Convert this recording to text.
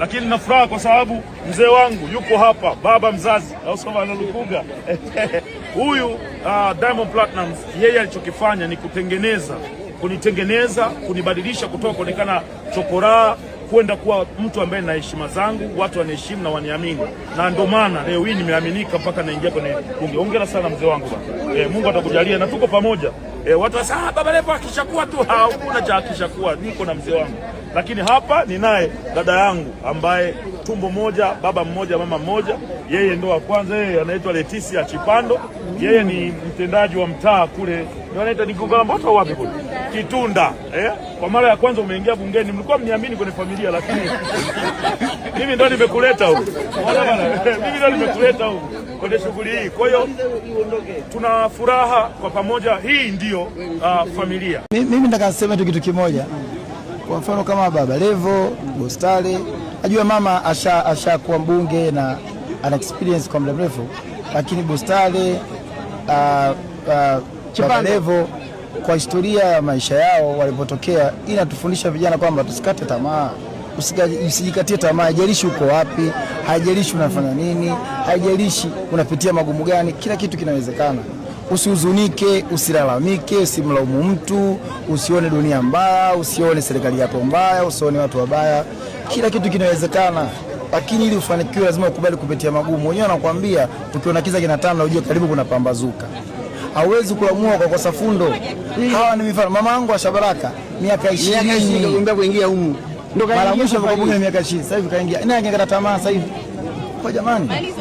lakini na furaha kwa sababu mzee wangu yuko hapa, baba mzazi au soma Lukuga huyu uh, Diamond Platinum, yeye alichokifanya ni kutengeneza, kunitengeneza, kunibadilisha kutoka kuonekana chokoraa kwenda kuwa mtu ambaye na heshima zangu, watu wanaheshimu na waniamini, na ndio maana leo hii nimeaminika mpaka naingia kwenye bunge. Hongera sana mzee wangu bwana. E, Mungu atakujalia na tuko pamoja. E, watu wasema Baba Levo akishakuwa tu, hakuna cha akishakuwa. Niko na mzee wangu, lakini hapa ninaye dada yangu ambaye tumbo moja, baba mmoja, mama mmoja. Yeye ndo wa kwanza, yeye anaitwa Leticia Chipando, yeye ni mtendaji wa mtaa kule, anaita ni Gogolamboto au wapi kule Kitunda eh? Kwa mara ya kwanza umeingia bungeni, mlikuwa mniamini kwenye familia, lakini mimi ndo nimekuleta huku, mimi ndo nimekuleta huku kwenye shughuli hii. Kwa hiyo tuna furaha kwa pamoja, hii ndiyo uh, ah, familia. Mimi nataka niseme tu kitu kimoja, kwa mfano kama Baba Levo Bostale Najua mama asha ashakuwa mbunge na ana experience kwa muda mrefu, lakini Bustare uh, uh, kwa historia ya maisha yao walipotokea, inatufundisha vijana kwamba tusikate tamaa, usijikatie tamaa. Haijalishi uko wapi, haijalishi unafanya nini, haijalishi unapitia magumu gani, kila kitu kinawezekana. Usihuzunike, usilalamike, usimlaumu mtu, usione dunia mbaya, usione serikali yako mbaya, usione watu wabaya kila kitu kinawezekana, lakini ili ufanikiwe lazima ukubali kupitia magumu. Wenyewe anakuambia ukiona kiza kinatanda ujue karibu kuna pambazuka. hauwezi kuamua kwa kosa fundo. Hawa ni mifano. Mama yangu Ashabaraka miaka 20 ndio kuingia humu, ndio mara mwisho kwa miaka 20 sasa hivi kaingia, naye angekata tamaa sasa hivi kwa jamani